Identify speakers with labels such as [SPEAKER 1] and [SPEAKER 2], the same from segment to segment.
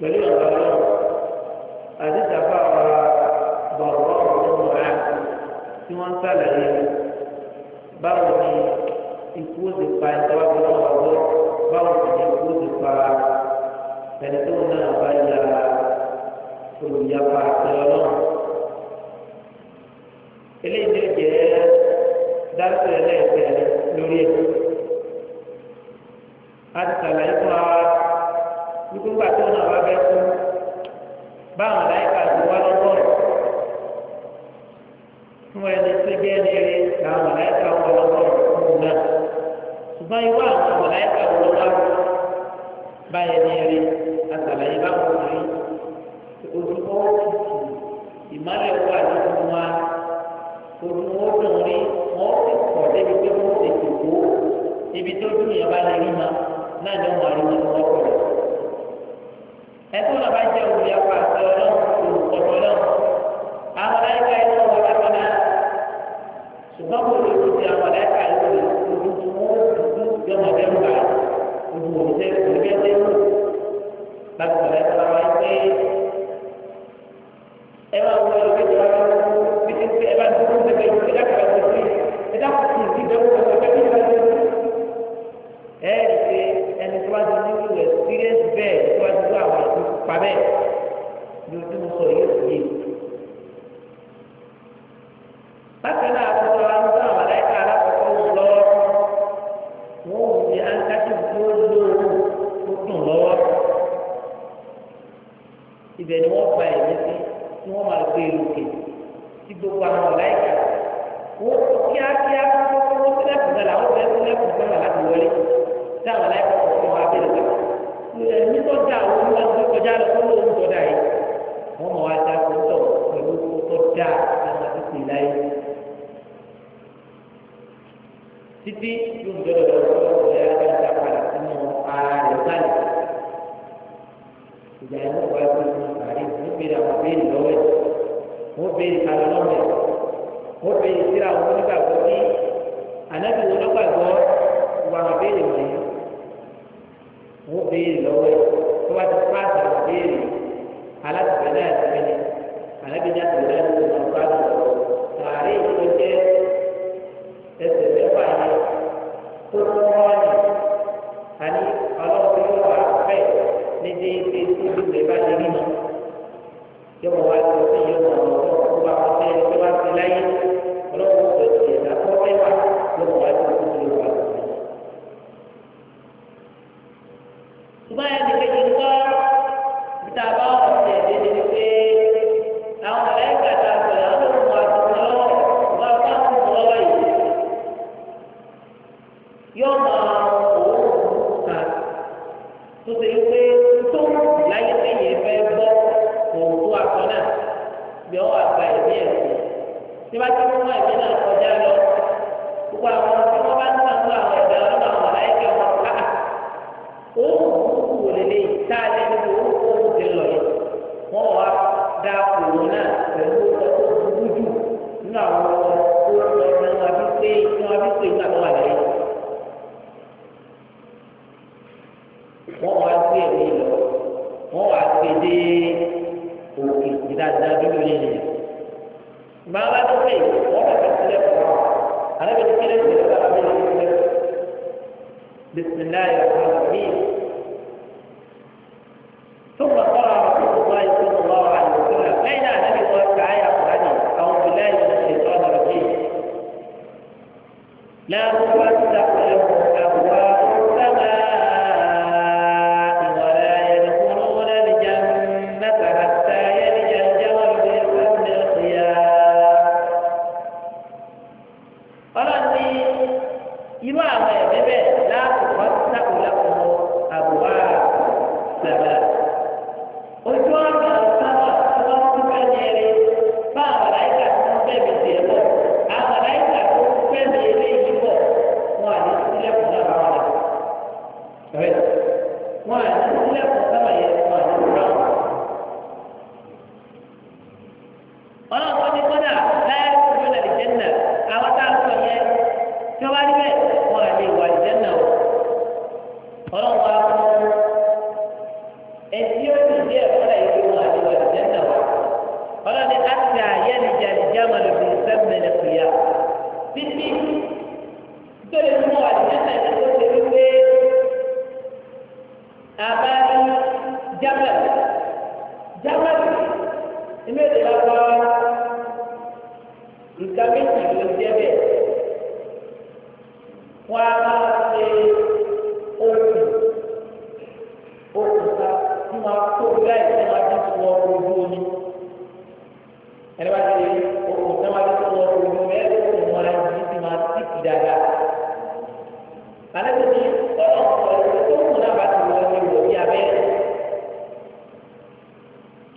[SPEAKER 1] pẹ̀lú ìrọ̀lẹ́ àdìsàfà ọ̀rọ̀ bọ̀rọ̀ ọ̀rọ̀ ọ̀rọ̀ tí wọ́n ń sàlàyé báwo ni ikú ó ti pa ẹ̀ka wá fún ọ̀rọ̀ báwo ni ikú ó pa ẹni tó náà bá ya olùyapa ọlọ́run. eléyìí lè jẹ́ dáṣẹ́ ẹlẹ́ẹ̀kẹ́ lórí ẹ̀kọ́. tòun ó dùn rí wọn ó sì pọ̀ débi pé wọ́n ti tòkó ibi tó dùn yẹn bá lè rí ma náà ni wọ́n á rí wọn ní wọ́n pọ̀ ẹ̀tọ́ náà bá jẹ́ olùyàpá àti ọlọ́run olùkọ́tọ́ náà àwọn aláìka ẹ̀ náà wọ́n dábàá náà ṣùgbọ́n ibẹ̀ ni wọ́n gba ẹ̀mí sí tí wọ́n máa gbé e lókè tí gbogbo àwọn ọ̀láìkà wọ́n kó kíákíá kókó wọ́n sílẹ̀kùn náà làwọn bẹ̀rẹ̀ sílẹ̀kùn fún wọn láti wọlé tí àwọn ọ̀láìkà kọ̀ fún wọn abẹ́rẹ́ wọn. ẹ̀mí tó dá àwọn olùwàgbé kọjá lọ tó lóun tó dá yìí wọ́n mọ̀ wá dá tó tọ̀ pẹ̀lú tó dá àwọn àdúgbò láyé. títí yóò dọ̀dọ̀ lọ́wọ́ ìgbà yẹn bẹ àlọ́mọ̀bẹ ó bẹ síra wọn nígbàgbọ́ bí ànábì wọn lọ́gbàgbọ́ wà á béèrè wọn yìí wọ́n béèrè lọ́wọ́ ẹ̀ tó bá ti pàṣẹ àwọn béèrè alátìgbẹ́ náà ti bẹ́ẹ̀ ni ànábì náà ti bẹ́ẹ̀ ni wọ́n bá lọ tààrí ìwọ jẹ́ ẹsẹ̀ mẹ́fà yẹn tó tó wọ́n ní àní ọlọ́run yóò wá bẹ́ẹ̀ ní déédéé tó ti bẹ́ẹ̀ bá ti rí mi. ìgbẹ́ wà gba ẹ̀mí ẹ̀ tí bá ti mú ẹ̀mí náà kọjá lọ gbogbo àwọn tí wọ́n bá ń sàkó àwọn ẹ̀dá ọlọ́run àwọn aláìkẹ́ wọn ká òun kúkú wò lélẹ̀ tá a lé nínú òun kó òun ti lọ yìí wọ́n wá dá òun náà pẹ̀lú ọkọ̀ burú jù nínú àwọn ọkọ̀ tó ń lọ sí wọn àbí pé wọn àbí pé nígbà tó wà lẹ́yìn. wọ́n wá gbé ẹ̀mí lọ wọ́n wá gbé dé. ثم قرأ رسول الله
[SPEAKER 2] صلى الله عليه وسلم النبي صلى الله عليه وسلم أعوذ
[SPEAKER 1] بالله من الشيطان الرجيم لا تفتح لهم أبواب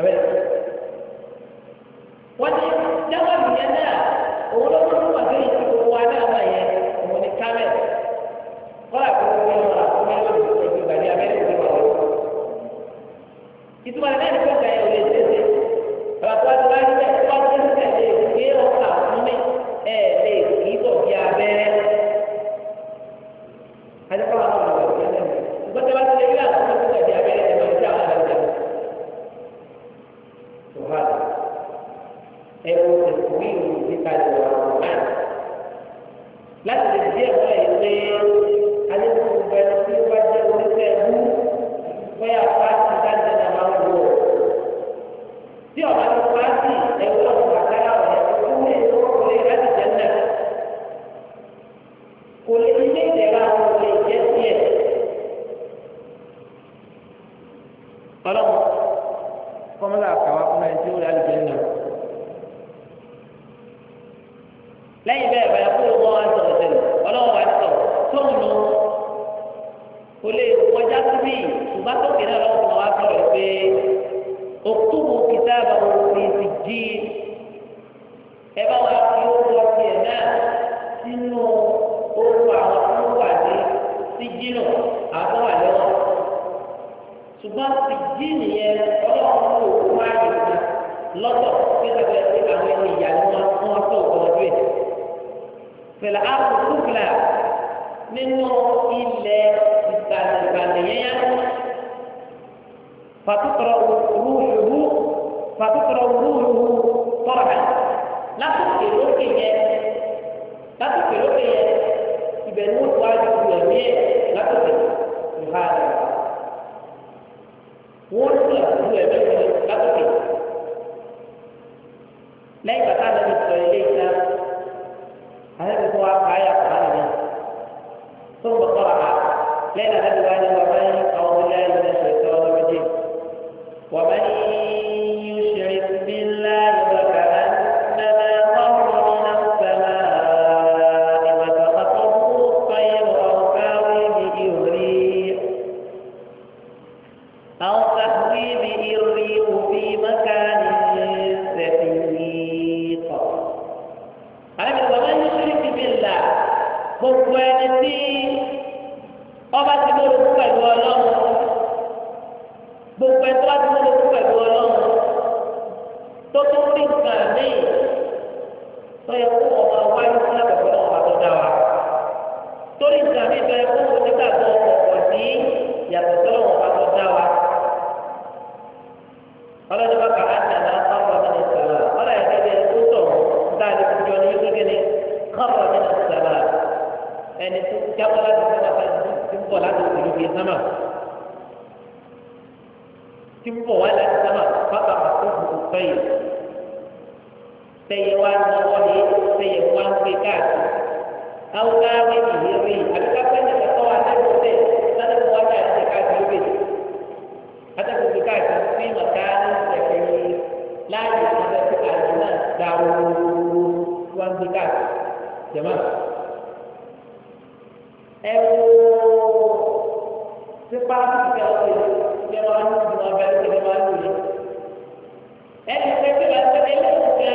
[SPEAKER 1] abẹ wọn ní jábàbí yẹn náà òun ló kọ. إلا استعلمانيا فتقرأ روحه فتقرأ روحه طرحا لا تقرأ روحه لا تقرأ روحه يبنون واجب يمين لا تقرأ هذا wọ́n ti àbúrò ẹ̀ bẹ́ẹ̀ lọ́tọ̀kẹ́ lẹ́yìn bàtà lẹ́nu sọ ilé ìta لين أدوان ومن أعوذ بالله من الشيطان الرجيم ومن يشرك بالله فكأنما مر من السماء وتخطفه الطير أو تهوي به الريح أو تهوي به الريح في ومن يشرك بالله gbogbo ẹni tí ọba ti lórí kú pẹ̀lú ọlọ́run gbogbo ẹ̀tọ́ bá ti lórí kú pẹ̀lú ọlọ́run tó tún rí nǹkan míì tó yẹ kó ọmọ wáyé fún ẹgbẹ̀fọ́ náà tó dá wa torí nǹkan míì tó kó tẹ̀yẹ̀ wá ń lọ́wọ́ ní tẹ̀yẹ̀ wá ń gbé káàkiri. àwọn káwé nìyí rí àbí kápẹ́ nìkan kọ́ wa lẹ́nu tẹ̀ lọ́dọ̀ wọn náà ṣe káàkiri rè
[SPEAKER 2] látàkùn gbé káàkiri fún ìmọ̀ká ní ìṣẹ̀fẹ̀ yìí láàyè ìṣẹ̀fẹ̀ tí àjò náà dá ooru
[SPEAKER 1] wá ń gbé káàkiri jẹ̀mọ́. ẹ wo sípá ti kẹ́ ọ́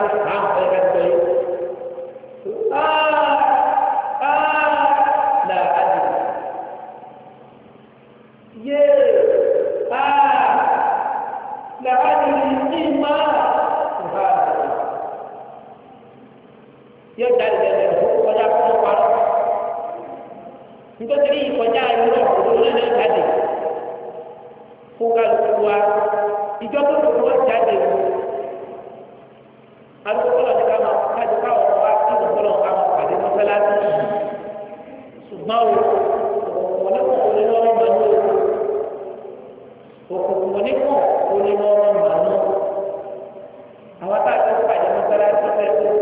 [SPEAKER 1] ها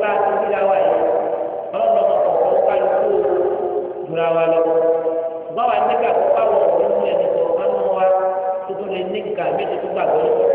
[SPEAKER 1] bá a ti síra wa yìí ọlọ́run ọmọ kọ̀ọ̀kan ó ká ló kó jura wa lọ. báwa nígbà tó bá wọ̀ ọ́ nínú ẹni tó ọ̀kan mọ́ wa tó tó lè ní nǹkan méjì gbàgbọ́ lọ́wọ́.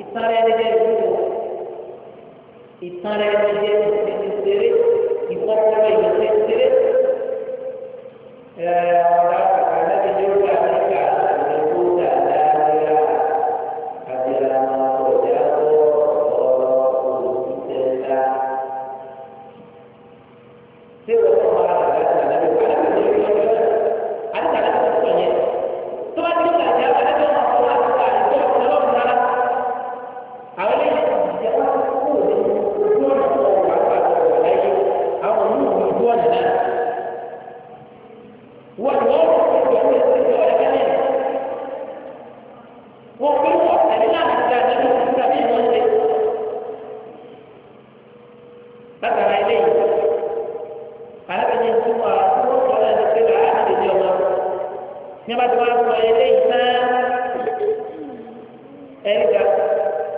[SPEAKER 1] ìtara ẹni jẹ́ ìwúwo ìtara ẹni jẹ́ ìṣẹ̀lẹ̀ ìṣeré ìfọ́pọ́lọ́ ìṣẹ̀lẹ̀ ìṣeré ẹ̀ẹ́. látara ilé yìí alábẹ̀yẹ tó wà tó sọ ẹ̀ lè pé làá lè di ọmọ ní abájọ wa sọ ilé yìí tán ẹ̀rí ga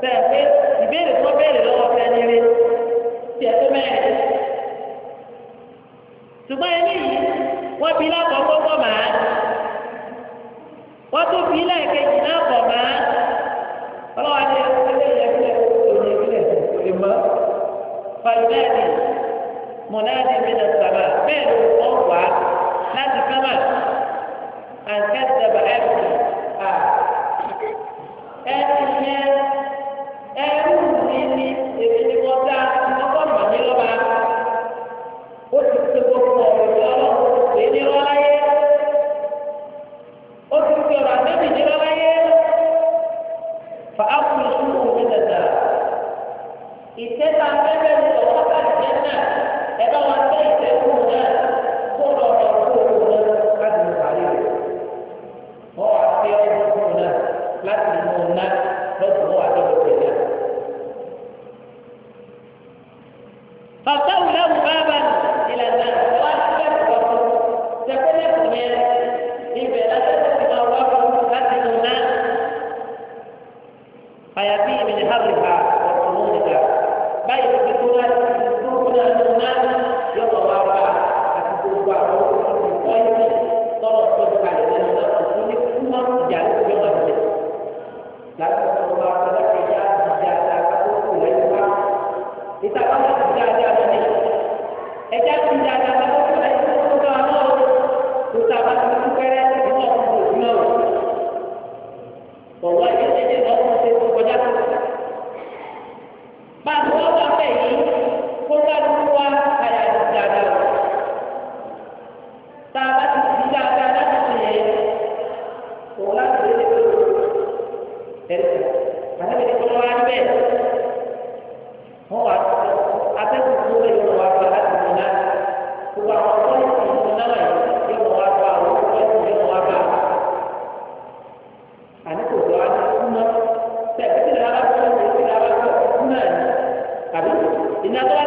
[SPEAKER 1] sẹ́yìn pé ìbéèrè tó bẹ̀rẹ̀ lọ́wọ́. Dalam semua kata kita menjaga kekuatan dan juga kita kena menjaga ini. Ejak menjaga kekuatan dan juga kekuatan. Kita akan menjaga kekuatan ìnáwó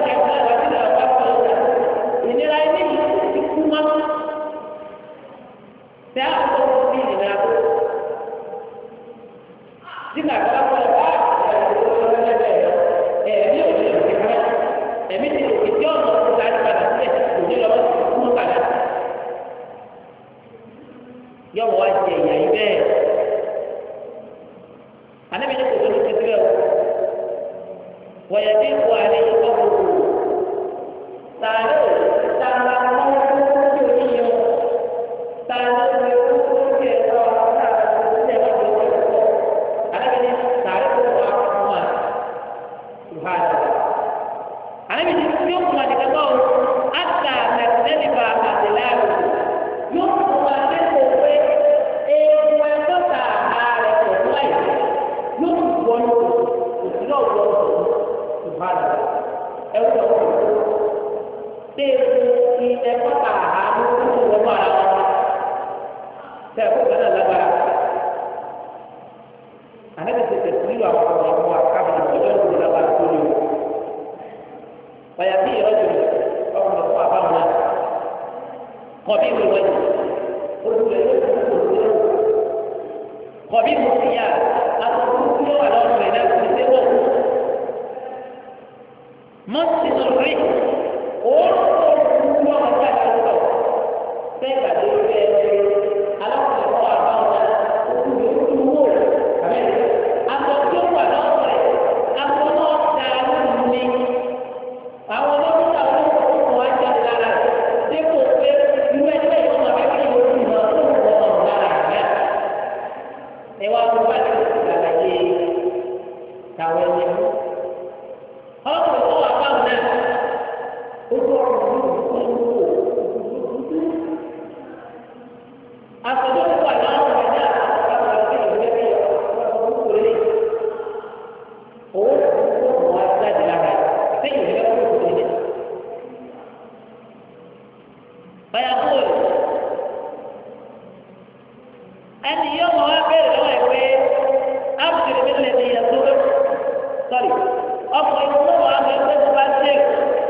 [SPEAKER 1] ọkùnrin tó wà á bẹ pé tó bá ṣe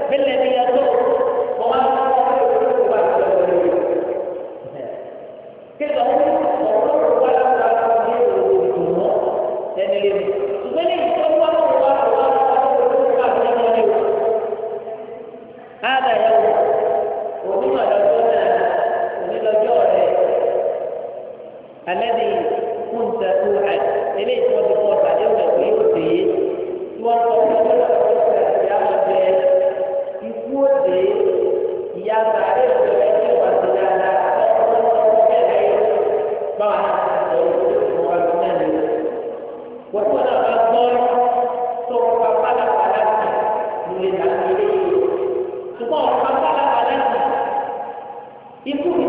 [SPEAKER 1] bẹ́lẹ̀ ní ẹjọ́. y por